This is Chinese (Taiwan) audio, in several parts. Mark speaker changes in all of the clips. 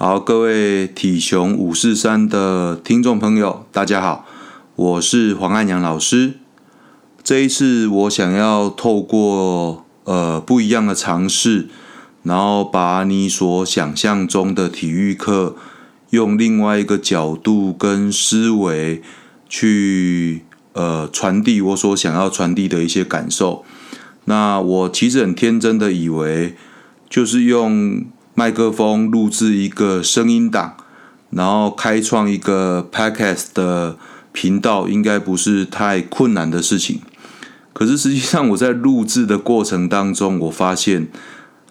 Speaker 1: 好，各位體雄五四三的聽眾朋友，大家好，我是黃安陽老師。這一次，我想要透過呃不一樣的嘗試，然後把你所想象中的體育課，用另外一個角度跟思維去呃傳遞我所想要傳遞的一些感受。那我其實很天真的以為，就是用麥克風錄製一個聲音檔，然後開創一個 Podcast 的頻道，應該不是太困難的事情。可是實際上，我在錄製的過程當中，我發現，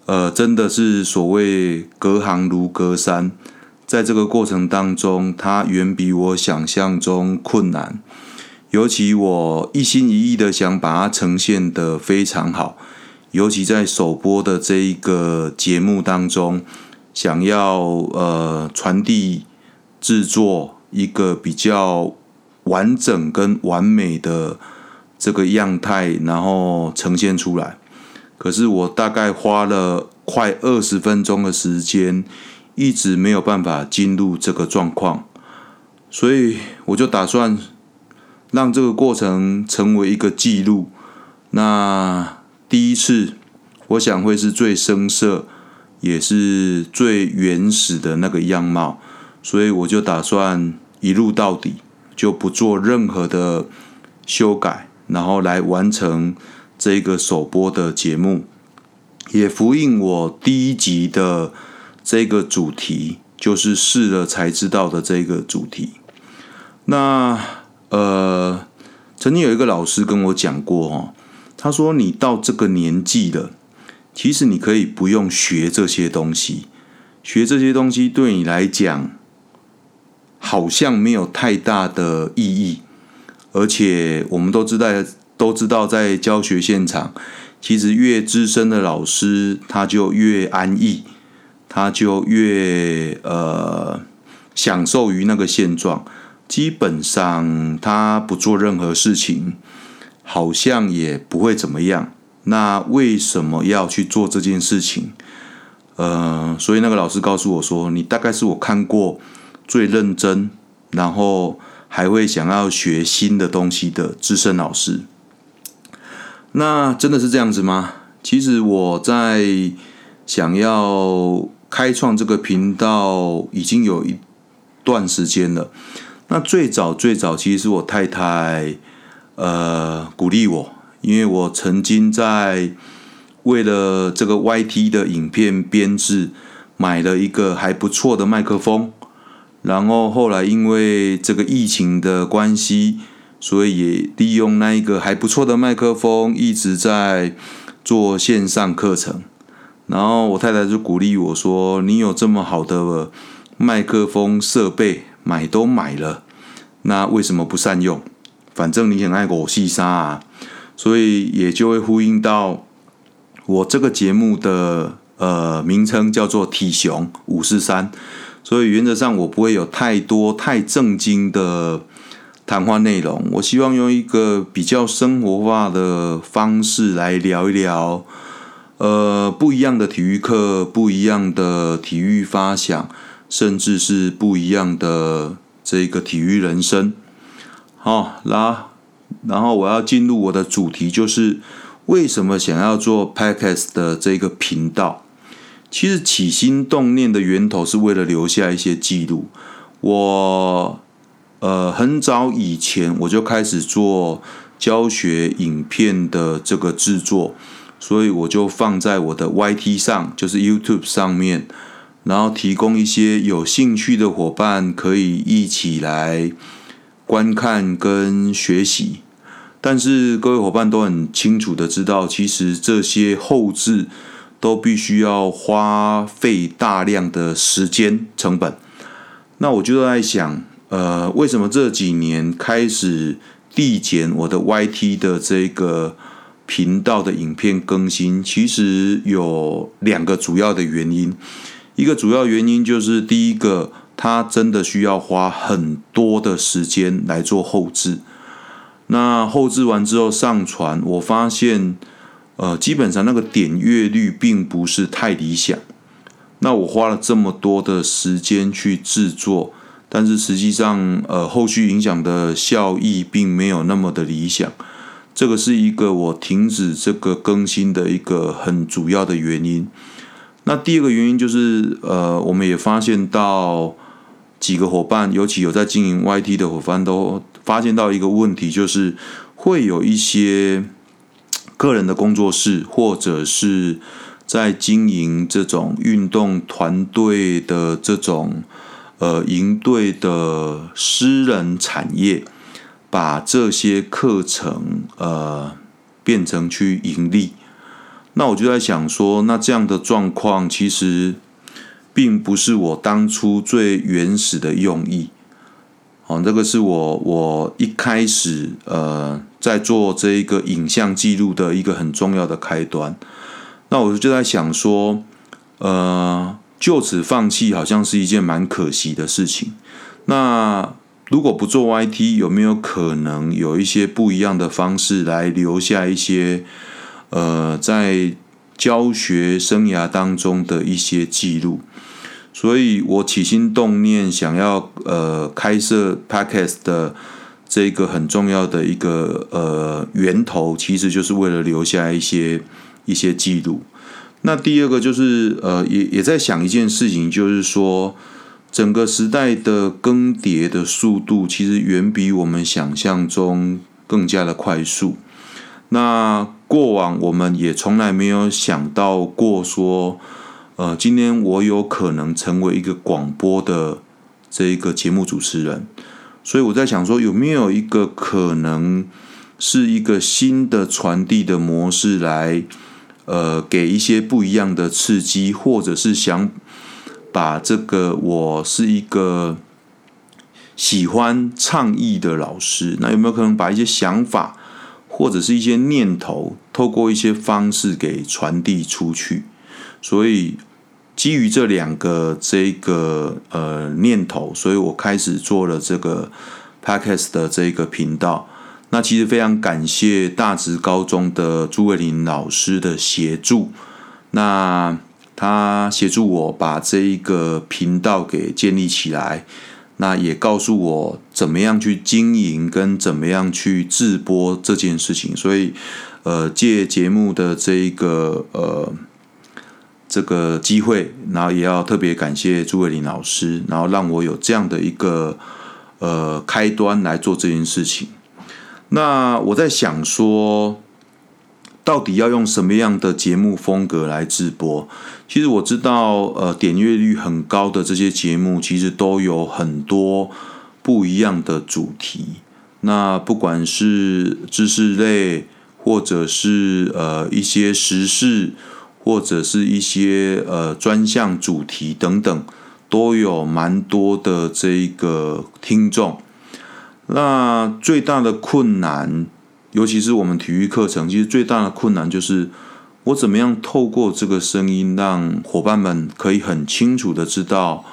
Speaker 1: 呃，真的是所謂隔行如隔山。在這個過程當中，它遠比我想象中困難。尤其我一心一意的想把它呈現得非常好。尤其在首播的這一個節目當中，想要呃，傳遞制作一個比較完整跟完美的這個樣態，然後呈現出來。可是我大概花了快二十分鐘的時間，一直沒有辦法進入這個狀況，所以我就打算讓這個過程成為一個記錄。那第一次，我想會是最生澀，也是最原始的那個樣貌，所以我就打算一路到底，就不做任何的修改，然後來完成這個首播的節目，也呼應我第一集的這個主題，就是試了才知道的這個主題。那呃，曾經有一個老師跟我講過，他說：“你到這個年紀了，其實你可以不用學這些東西。學這些東西對你來講，好像沒有太大的意義。而且我們都知道，都知道在教學現場，其實越資深的老師，他就越安逸，他就越，呃，享受於那個現狀。基本上，他不做任何事情。”好像也不會怎麼樣。那為什麼要去做這件事情？呃，所以那個老師告訴我說：“你大概是我看過最認真，然後還會想要學新的東西的資深老師。”那真的是這樣子嗎？其實我在想要開創這個頻道，已經有一段時間了。那最早最早，其實是我太太。呃，鼓勵我，因為我曾經在為了這個 YT 的影片編製，買了一個還不錯的麥克風，然後後來因為這個疫情的關係，所以也利用那一個還不錯的麥克風一直在做線上課程，然後我太太就鼓勵我說：“你有這麼好的麥克風設備，買都買了，那為什麼不善用？”反正你很愛狗戲沙啊，所以也就會呼應到我這個節目的呃名稱叫做“體熊五四三 ”，3，所以原則上我不會有太多太正經的談話內容。我希望用一個比較生活化的方式來聊一聊，呃，不一樣的體育課，不一樣的體育發想，甚至是不一樣的這個體育人生。好，那然後我要進入我的主題，就是為什麼想要做 Podcast 的這個頻道。其實起心動念的源頭是為了留下一些記錄我。我呃很早以前我就開始做教學影片的這個製作，所以我就放在我的 YT 上，就是 YouTube 上面，然後提供一些有興趣的夥伴可以一起來。觀看跟學習，但是各位夥伴都很清楚的知道，其實這些後製都必須要花費大量的時間成本。那我就在想，呃，為什麼這幾年開始遞減我的 YT 的這個頻道的影片更新？其實有兩個主要的原因，一個主要原因就是第一個。它真的需要花很多的時間來做後製。那後製完之後上傳，我發現，呃，基本上那個點閱率並不是太理想。那我花了這麼多的時間去製作，但是實際上，呃，後續影響的效益並沒有那麼的理想。這個是一個我停止這個更新的一個很主要的原因。那第二個原因就是，呃，我們也發現到。幾個夥伴，尤其有在經營 YT 的夥伴，都發現到一個問題，就是會有一些個人的工作室，或者是在經營這種運動團隊的這種呃營隊的私人產業，把這些課程呃變成去營利。那我就在想說，那這樣的狀況其實。並不是我當初最原始的用意，哦，這、那個是我我一開始呃在做這一個影像記錄的一個很重要的開端。那我就在想說，呃，就此放棄好像是一件蠻可惜的事情。那如果不做 YT，有沒有可能有一些不一樣的方式來留下一些呃在教學生涯當中的一些記錄？所以，我起心動念想要呃開設 podcast 的這個很重要的一個呃源頭，其實就是為了留下一些一些記錄。那第二個就是呃也也在想一件事情，就是說整個時代的更迭的速度，其實遠比我們想象中更加的快速。那過往我們也從來沒有想到過說。呃，今天我有可能成為一個廣播的這一個節目主持人，所以我在想說，有沒有一個可能是一個新的傳遞的模式來，呃，給一些不一樣的刺激，或者是想把這個我是一個喜歡倡議的老師，那有沒有可能把一些想法或者是一些念頭，透過一些方式給傳遞出去？所以。基於這兩個這個呃念頭，所以我開始做了這個 podcast 的這個頻道。那其實非常感謝大直高中的朱偉林老師的協助，那他協助我把這一個頻道給建立起來，那也告訴我怎麼樣去經營跟怎麼樣去自播這件事情。所以，呃，借節目的這一個呃。這個機會，然後也要特別感謝朱衛林老師，然後讓我有這樣的一個呃開端來做這件事情。那我在想說，到底要用什麼樣的節目風格來直播？其實我知道，呃，點閱率很高的這些節目，其實都有很多不一樣的主題。那不管是知識類，或者是呃一些時事。或者是一些呃專項主題等等，都有蠻多的這個聽眾。那最大的困難，尤其是我們體育課程，其實最大的困難就是，我怎麼樣透過這個聲音，讓夥伴們可以很清楚的知道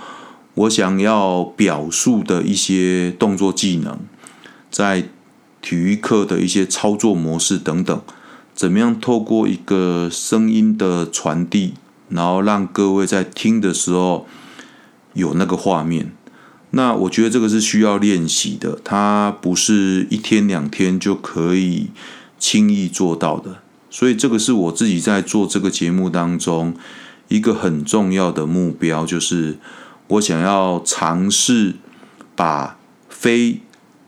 Speaker 1: 我想要表述的一些動作技能，在體育課的一些操作模式等等。怎麼樣透過一個聲音的傳遞，然後讓各位在聽的時候有那個畫面？那我覺得這個是需要練習的，它不是一天兩天就可以輕易做到的。所以這個是我自己在做這個節目當中一個很重要的目標，就是我想要嘗試把非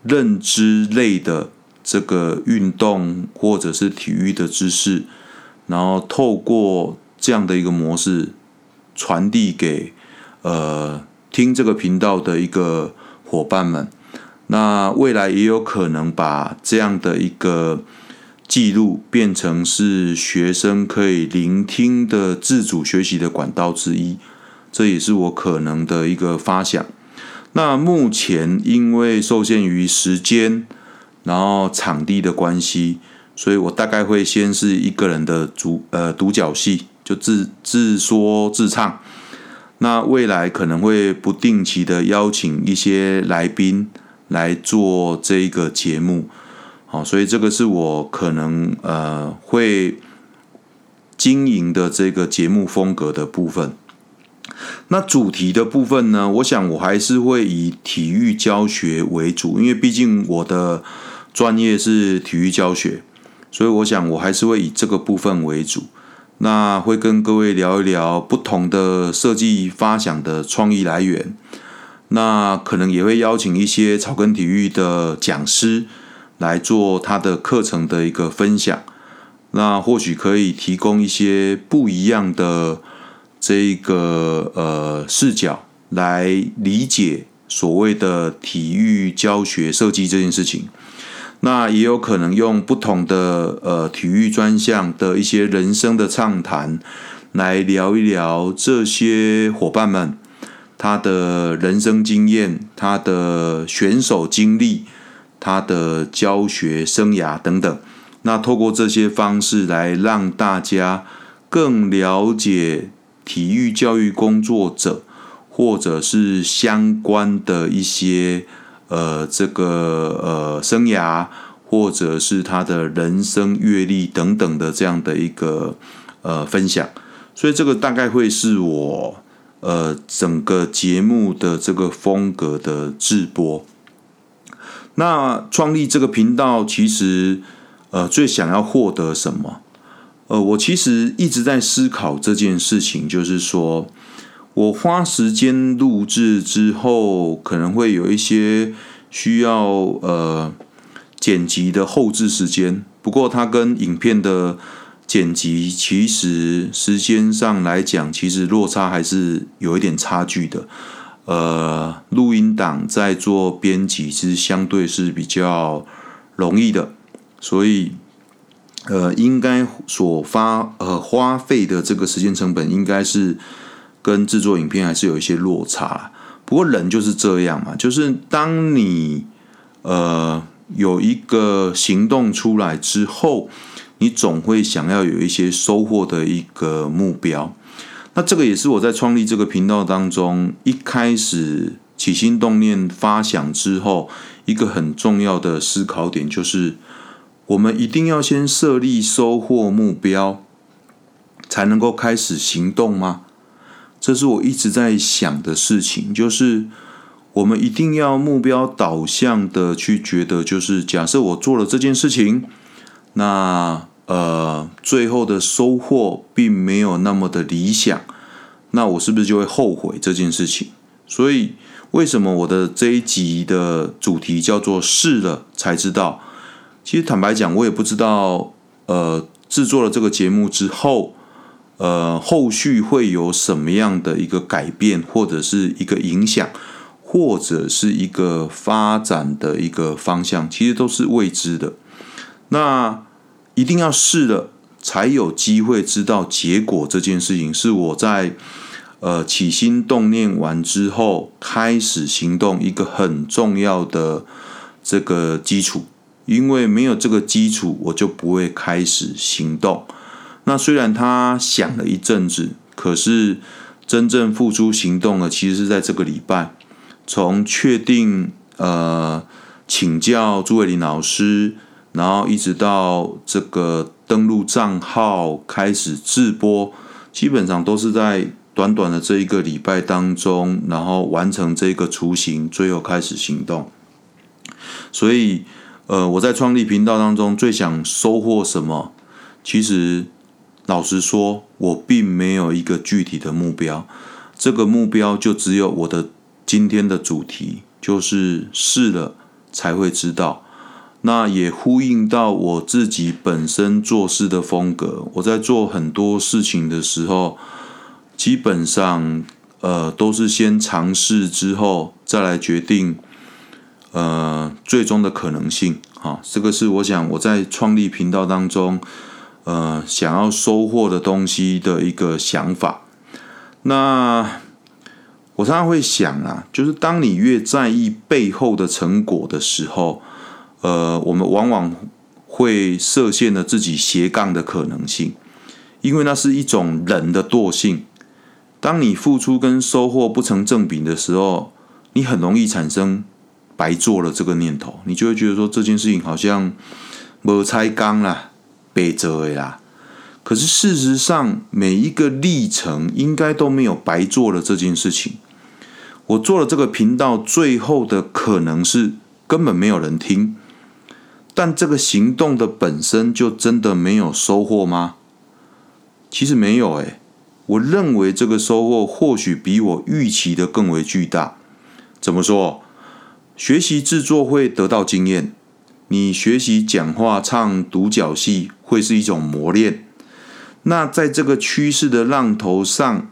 Speaker 1: 認知類的。這個運動或者是體育的知識，然後透過這樣的一個模式傳遞給呃聽這個頻道的一個夥伴們。那未來也有可能把這樣的一個記錄變成是學生可以聆聽的自主學習的管道之一，這也是我可能的一個發想。那目前因為受限於時間。然後場地的關係，所以我大概會先是一個人的主呃獨角戲，就自自說自唱。那未來可能會不定期的邀請一些來賓來做這個節目，好、哦，所以這個是我可能呃會經營的這個節目風格的部分。那主題的部分呢，我想我還是會以體育教學為主，因為畢竟我的。專業是體育教學，所以我想我還是會以這個部分為主。那會跟各位聊一聊不同的設計發想的創意來源。那可能也會邀請一些草根體育的講師來做他的課程的一個分享。那或許可以提供一些不一樣的這個呃視角來理解所謂的體育教學設計這件事情。那也有可能用不同的呃體育專項的一些人生的暢談，來聊一聊這些夥伴們他的人生經驗、他的選手經歷、他的教學生涯等等。那透過這些方式來讓大家更了解體育教育工作者，或者是相關的一些。呃，這個呃，生涯或者是他的人生閱歷等等的這樣的一個呃分享，所以這個大概會是我呃整個節目的這個風格的直播。那創立這個頻道，其實呃最想要獲得什麼？呃，我其實一直在思考這件事情，就是說。我花時間錄製之後，可能會有一些需要呃剪輯的後製時間。不過，它跟影片的剪輯其實時間上來講，其實落差還是有一點差距的。呃，錄音檔在做編輯，其實相對是比較容易的，所以呃，應該所發呃花呃花費的這個時間成本應該是，跟製作影片，還是有一些落差啦。不過人就是這樣嘛，就是當你呃有一個行動出來之後，你總會想要有一些收穫的一個目標。那這個也是我在創立這個頻道當中，一開始起心動念發想之後，一個很重要的思考點，就是我們一定要先設立收穫目標，才能夠開始行動嗎？這是我一直在想的事情，就是我們一定要目標導向的去覺得，就是假設我做了這件事情，那呃，最後的收穫並沒有那麼的理想，那我是不是就會後悔這件事情？所以，為什麼我的這一集的主題叫做“試了才知道”？其實坦白講，我也不知道。呃，制作了這個節目之後。呃，後續會有什麼樣的一個改變，或者是一個影響，或者是一個發展的一個方向，其實都是未知的。那一定要試了，才有機會知道結果。這件事情是我在呃起心動念完之後開始行動一個很重要的這個基礎，因為沒有這個基礎，我就不會開始行動。那雖然他想了一陣子，可是真正付出行動的其實是在這個禮拜。從確定呃請教朱偉林老師，然後一直到這個登錄賬號開始直播，基本上都是在短短的這一個禮拜當中，然後完成這個雛形，最後開始行動。所以，呃，我在創立頻道當中最想收穫什麼，其實。老實說，我並沒有一個具體的目標，這個目標就只有我的今天的主題，就是試了才會知道。那也呼應到我自己本身做事的風格。我在做很多事情的時候，基本上呃都是先嘗試之後再來決定，呃最終的可能性。哈、啊，這個是我想我在創立頻道當中。呃，想要收穫的東西的一個想法。那我常常會想啊，就是當你越在意背後的成果的時候，呃，我們往往會設限了自己斜槓的可能性，因為那是一種人的惰性。當你付出跟收穫不成正比的時候，你很容易產生白做了這個念頭，你就會覺得說這件事情好像沒有拆缸啦，被折了，可是事實上，每一個歷程應該都沒有白做了這件事情。我做了這個頻道，最後的可能是根本沒有人聽，但這個行動的本身就真的沒有收穫嗎？其實沒有誒、欸，我認為這個收穫或許比我預期的更為巨大。怎麼說？學習制作會得到經驗，你學習講話、唱獨角戲。會是一種磨練。那在這個趨勢的浪頭上，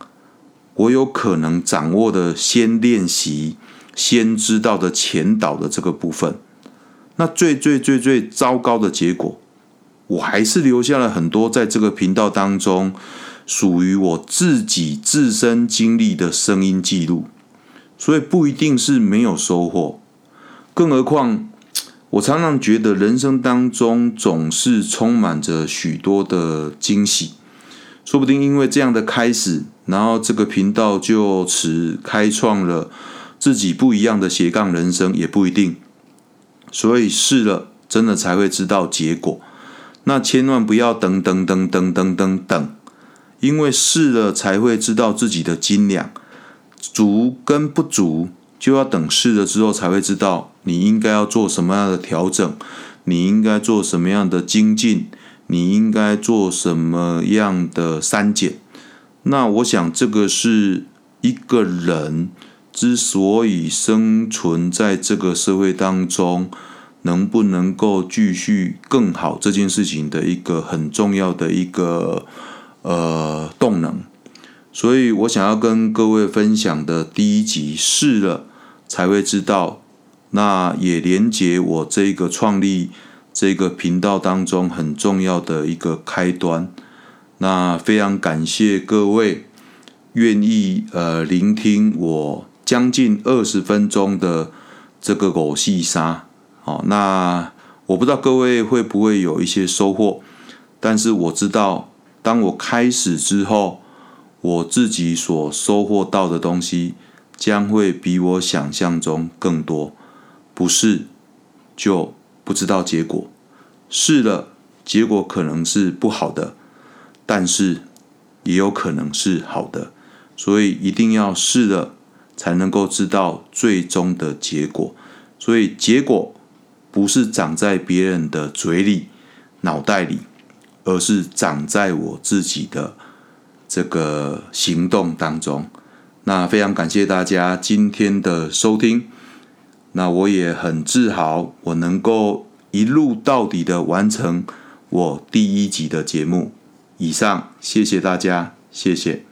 Speaker 1: 我有可能掌握的先練習、先知道的前導的這個部分。那最最最最糟糕的結果，我還是留下了很多在這個頻道當中屬於我自己自身經歷的聲音記錄。所以不一定是沒有收穫，更何況。我常常覺得人生當中總是充滿着許多的驚喜，說不定因為這樣的開始，然後這個頻道就此開創了自己不一樣的斜槓人生，也不一定。所以試了，真的才會知道結果。那千萬不要等，等，等，等，等，等，等，等，因為試了才會知道自己的斤兩足跟不足，就要等試了之後才會知道。你應該要做什麼樣的調整？你應該做什麼樣的精進？你應該做什麼樣的刪減？那我想，這個是一個人之所以生存在這個社會當中，能不能夠繼續更好這件事情的一個很重要的一個呃動能。所以我想要跟各位分享的第一集，試了才會知道。那也連接我這個創立這個頻道當中很重要的一個開端。那非常感謝各位願意呃聆聽我將近二十分鐘的這個狗戲沙，哦。那我不知道各位會不會有一些收穫，但是我知道當我開始之後，我自己所收穫到的東西將會比我想象中更多。不試，就不知道結果；試了，結果可能是不好的，但是也有可能是好的。所以一定要試了，才能夠知道最終的結果。所以結果不是長在別人的嘴裡、腦袋裡，而是長在我自己的這個行動當中。那非常感謝大家今天的收聽。那我也很自豪，我能夠一路到底的完成我第一集的節目。以上，謝謝大家，謝謝。